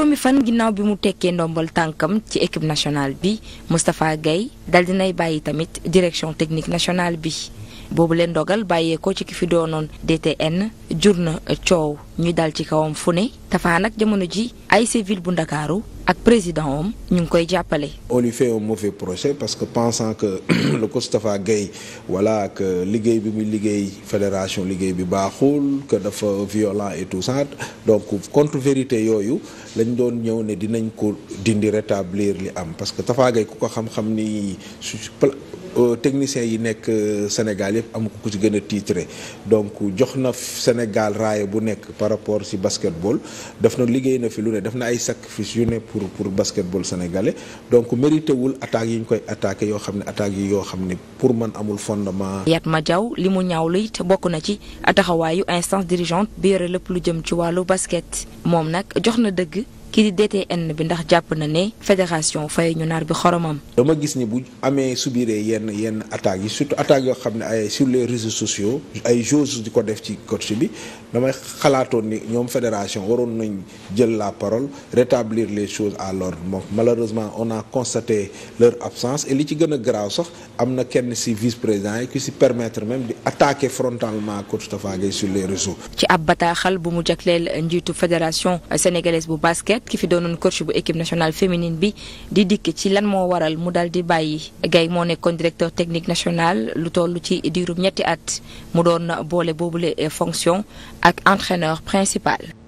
juróomi fan ginnaaw bi mu tekkee ndombal tànkam ci équipe nationale bi Moustapha Gaye dal dinay bàyyi tamit direction technique nationale bi boobu leen dogal bàyyee ko ci ki fi doonoon DTN jur na coow ñu dal ci kawam fu ne tafaa nag jamono ji ay civil bu Ndakaaru ak président om ñu ngi koy jàppale. on lui fait un mauvais procès parce que pensant que le Moustapha Gueye voilà ak liggéey bi muy liggéey fédération liggéey bi baaxul que dafa violent et tout ça donc contre vérité yooyu lañ doon ñëw ne dinañ ko dindi rétablir li am parce que Tafa Gueye ku ko xam-xam ni su euh, techniciens yi nekk euh, Sénégal yëpp am ku ci gën a titré donc jox na Sénégal raaya bu nekk par rapport si basketball def na liggéey na fi lu ne def pour pour basketball sénégalais donc mérité wul attaques yi ñu koy attaqué yoo xam ne attaque yi yoo xam ne pour man amul fondement. ma jaaw li mu ñaaw lay te bokk na ci taxawaayu instance dirigeante bi yore lépp lu jëm ci wàllu basket moom nag jox na dëgg. ki di DTN bi ndax jàpp na ne fédération fay ñu naar bi xoromam. dama gis ni bu amee subiree yenn yenn attaques yi surtout attaques yoo xam ne ay sur les réseaux sociaux ay choses di ko def ci coach bi damay xalaatoon ni ñoom fédération waroon nañ jël la parole rétablir les choses à l'ordre moom malheureusement on a constaté leur absence et li ci gën a garaaw sax am na kenn ci président yi ku ci même di attaquer frontalement coach Tafa Gueye sur les réseaux. ci ab bataaxal bu mu jagleel njiitu fédération sénégalaise bu basket. ki fi doonoon coach bu équipe nationale féminine bi di dikk ci lan moo waral mu dal di bàyyi gay moo nekkoon directeur technique national lu toll ci diirum ñetti at mu doon boole boobu boobule fonction ak entraîneur principal.